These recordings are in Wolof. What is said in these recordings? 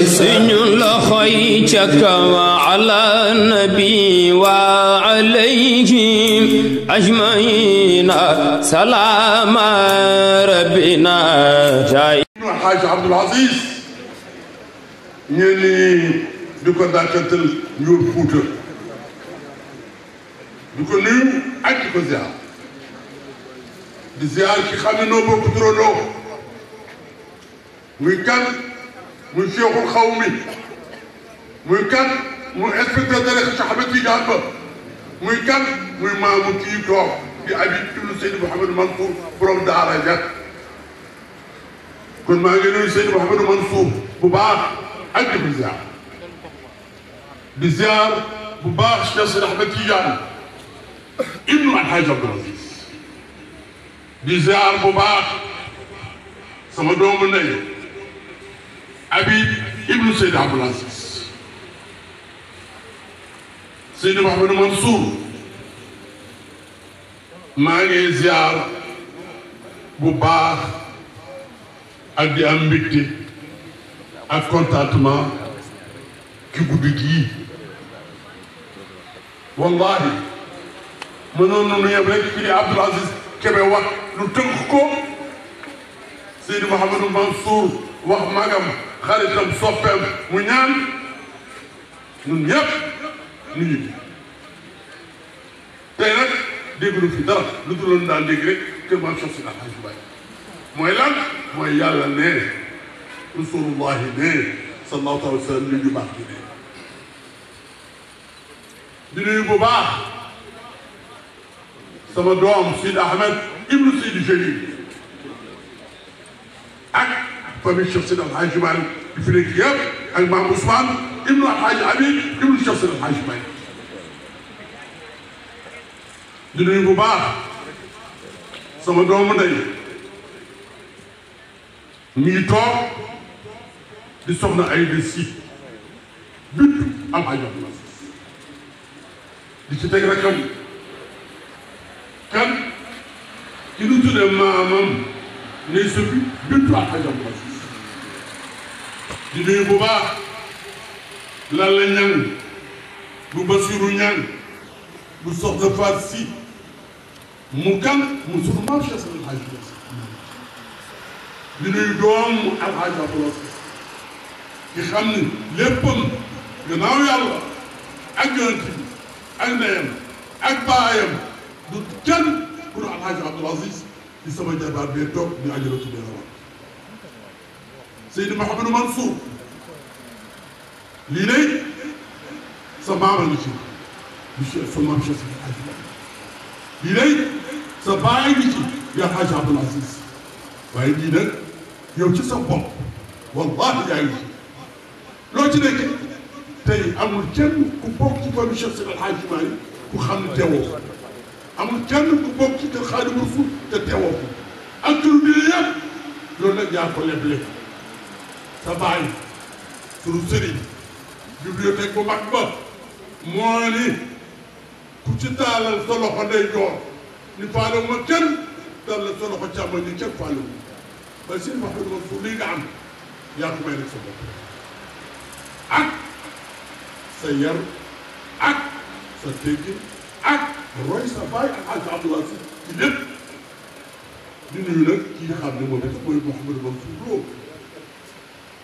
اجمعين سلام ربنا جاي الحاج عبد العزيز نيلي دوكو داكتل نيو فوتو دوكو نيو اكي كو زيار دي زيار كي خامي نو بوكو درو نو وي كان والشيخ الخومي ويكان وحسبت ذلك شعبتي جابة ويكان وما مكيتو في أبي كل سيد محمد منصور برم دارا جات كل ما يقولون سيد محمد منصور مباح أجل بزيار بزيار مباح شخص رحمتي جابة إنه عن حاجة برزيز بزيار مباح سمدوم النيل Habib ibnu Seyd Abdul Aziz Seydi Mouhamadou Mansour maa ngi ziar bu baax ak am mbégte ak contentement ci guddi gii wallahi mënoon na nu yem rek ci Abdul Aziz Kébé wax lu tënk ko Seydi Mouhamadou Mansour wax magam xaritam soppeem mu ñaan ñun ñëpp ñu ngi tey nag déglu fi dara lu dul loolu daan dégg rek te maam sox si alxaj baay mooy lan mooy yàlla ne rasulullahi ne sallallahu alayhi wa sallam li ñu baax di ne di nuyu bu baax sama doom Sidi Ahmed ibnu Sidi Jalil famille Cheikh Seydi El Hadji Malick di fi nekk yëpp ak maam Ousmane ibnu Alhaji Habib ibnu Cheikh di nuyu bu baax sama doomu ndey mii toog di soxna ay de si bintu Alhaji Abdoulaye di ci teg rakam kan ci nu tuddee maamam ne sëbi bintu Alhaji Abdoulaye di nuyu bu baax Lalla Ñang bu Basiru Ñang bu Soxna Faat Si mu kan mu sunu maam Cheikh Seydi Hadji Malick di nuyu doom mu Alxaaji Abdoulaye ki xam ni léppam gannaaw yàlla ak yonent bi ak ndeyam ak baayam du kenn ku nu Alxaaji Abdoul Aziz di sama jabaar bee toog ñu ajalatu bee rawat Seydi Mouhamadou Mansour lii day sa maama ngi ci monsieur sa maam Cheikh Hadji lii day sa baay ngi ci yaa Hadji Abdoul Aziz waaye lii nag yow ci sa bopp wallahi yaa ngi ci loo ci nekk tey amul kenn ku bokk ci konu Cheikh Seydi Hadji Malick ku xam ne teewoo amul kenn ku bokk ci kër Xaadimu Rasuul te teewoo ko ak turu bi yëpp loolu nag yaa ko leble sa baay sunu sëriñ bibliothèque bu mag ba moo ku ci taalal sa loxo day joor ni faalewu ma kenn taalal sa loxo càmmoñ ni kenn faalewu ba seen Mouhamadou Mansour lii nga am yaa ko may nag ak sa ak sa teggi ak roy sa baay ak ak Abdoulaye si ci lépp di nuyu kii nga xam ne moom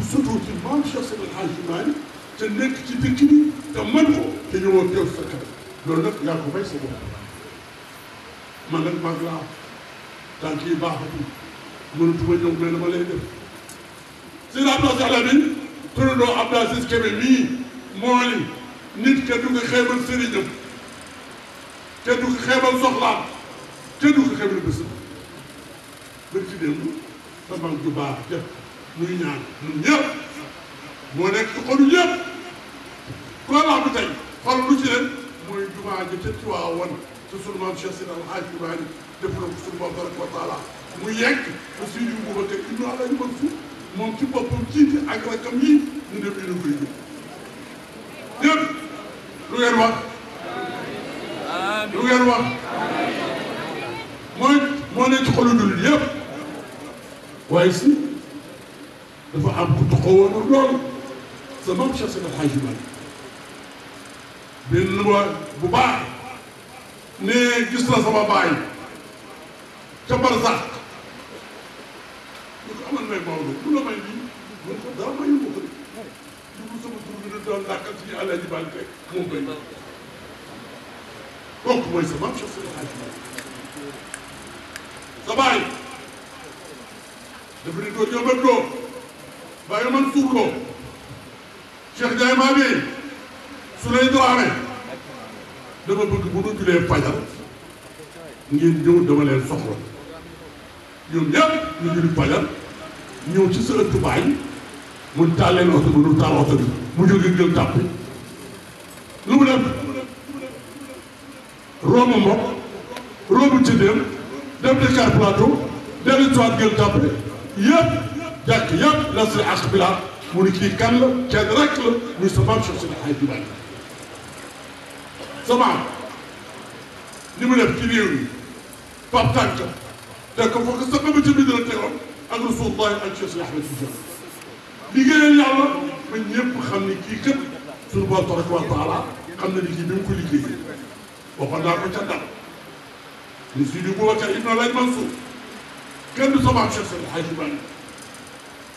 surtout ci maam Cheikh Seydi El te nekk ci dëkk te mën ko te ñëwoon teew sa kanam loolu nag yaa ko may sa bopp man nag mag laa tànk yi baaxatul mënatuma ñëw mais dama lay def si la place àlla bi turandoo Abdou Aziz Kébé mii moo ni nit kenn du ko xeebal sëriñam kenn du ko xeebal soxlaam kenn du ko xeebal bésam bërki démb sa mag ju baax def muy ñaan ñun ñëpp moo nekk ci xolu ñëpp ku la wax bi tey xol lu ci leen mooy jumaa ji ca Tiwaawan te sunu maam Cheikh Seydi El Hadji Malick def na ko sunu borom tabaraka wa taala mu yegg te suy ñu bëgg a teg Ibnu Alaaji Mansuur moom ci boppam jiite ak rakkam yi ñu dem ñu ne koy jóg ñëpp lu ngeen wax lu ngeen wax mooy moo nekk ci xolu dul yëpp waaye si loolu sa maam Cheikh Seydi El Hadji Malick bind ma bu baax ne gis na sama baay ca barsax ñu ko amal may Maodo bu la may lii mun ko dara mayu ma ko de dugul sama tur bi dañ doon dàkkal ci El Hadji Malick rek moom bay ma kooku mooy sa maam Cheikh Seydi El Hadji Malick sa baay dafa ne doo jëmbat doo Baye Mansour Lo Cheikh Ndiaye maa ngi su lay doxaare dama bëgg bu ñu julee fajar ngeen ñëw dama leen soxla ñoom ñëpp ñu julli fajar ñëw ci sa ëttu baay mu taal leen oto bi mu taal oto bi mu jógee jël tàpp lu mu def roomu mbokk roomu ci dem dem Dakar Plateau dellu si waat jël tàpp jàkk yëpp la si àq bi la mu ni kii kan la kenn rek la muy sa maam Cheikh Seydi Hadji Malick sa maam li mu def ci réew mi Pape Tanka da ko foog sa xamante ni dina teewoon ak Rasulullahi ak Cheikh Seydi Ahmed Tidiane liggéeyal yàlla ba ñëpp xam ni kii kat suñu borom tabaraka wa taala xam na ni kii bi mu ko liggéeyee waxoon naa ko ca dal ñu si di Boubacar Ibn Laye Mansour kenn du sa maam Cheikh Seydi Hadji Malick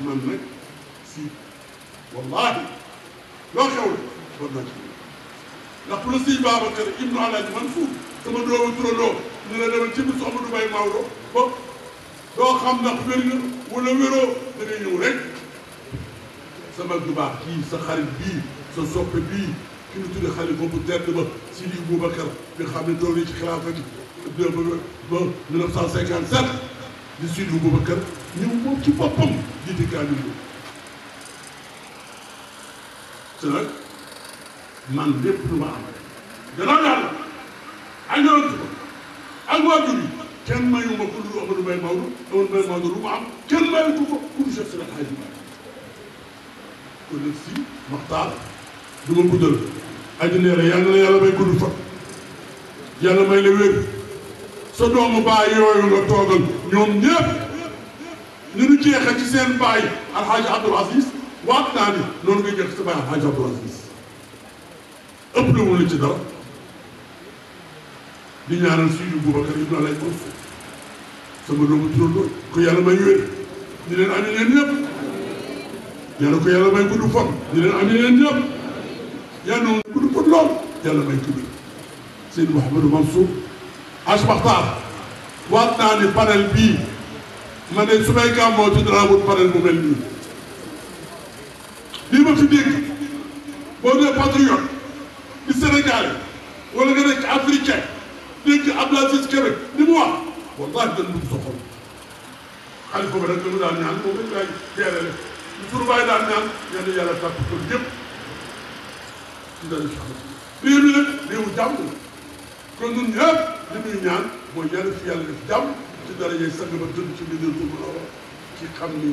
man nag si wallaahi loo xew la war naa ci ndax bu la siy Babacar ibnu Alaaji Mansuur sama doomu turandoo ñu la demal ci biir soxna du bay Maodo ba doo xam ndax wér nga wala wéroo da ngay ñëw rek sama du baax kii sa xarit bii sa soppe bii ki ñu tuddee xalifa bu tedd ba Sidi Boubacar nga xam ne tool yi ci xilaafa bi ba ba 1957 di Seydou Boubacar ñëw moom ci boppam jiite kaamil bi te nag man lépp lu ma am gannaaw yàlla ak yonent ko ak ma ko lu Amadou Mbaye Maodo Amadou am kenn mayu ko ko ku ñu seet Alaaji Mbaye kon nag si waxtaan du ma guddal aji neera yàlla yàlla may gudd fa yàlla may la wér sa doomu baay yooyu nga toogal ñoom ñëpp ñu nu jeexee ci seen baay alxaaji abdul aziz waat naa ni noonu ngay jeex sa baay alxaaji abdul aziz ëpp la wala ci dara di ñaanal suñu Boubacar ibnu alay ko sama doomu turandoo ko yàlla may wér ñu leen ami leen ñëpp yàlla ko yàlla may gudd fan ñu leen ami leen ñëpp yàlla noonu gudd fan lool yàlla may ko wér seen Mouhamadou Mansour Haji Makhtar waat naa ni panel bii ma ne su may gàmmoo ci dara wut panel bu mel nii lii ma fi dégg boo dee patriote di Sénégal wala nga nekk africain dégg Abdoul Aziz Kébé ni mu wax wallahi dañ dugg sa xol xalifa ba nag dañu daan ñaan moom lañ laay teerale ñu tur bàyyi daan ñaan ñaan yàlla tàpp ko ñëpp ci dañu sax réew mi nag réewu jàmm kon ñun ñëpp li ñuy ñaan mooy yàlla fi yàlla def jàmm ci dara yee sang ba dund ci biir bu mën a wax ci xam ni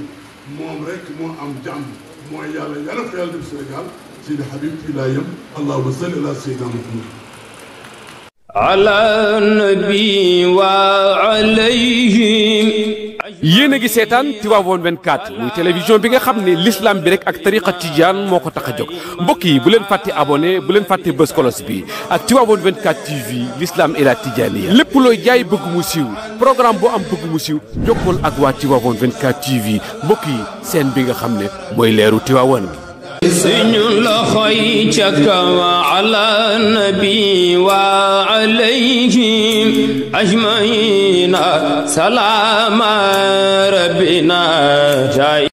moom rek moo am jàmm mooy yàlla yàlla fi yàlla def Sénégal Seydi Habib fii laa yem allahumma salli ala sayyidina Muhammad ala nabi wa alayhim yéen a ngi seetaan Tivaouane 24 muy télévision bi nga xam ne l'islam bi rek ak tariqa tijaan moo ko tax a jóg mbokk yi bu leen fàtte abonné bu leen fàtte bës kolos bi ak Tivaouane 24 TV l'islam et la tijaaniya lépp looy jaay bëgg mu siiw programme boo am bëgg mu siiw jokkool ak waa Tivaouane 24 TV mbokk seen bi nga xam ne mooy leeru Tivaouane bi suñu loxo yi ca kaw ala nabi wa alayhim عجمعینا سلام ربنا جائی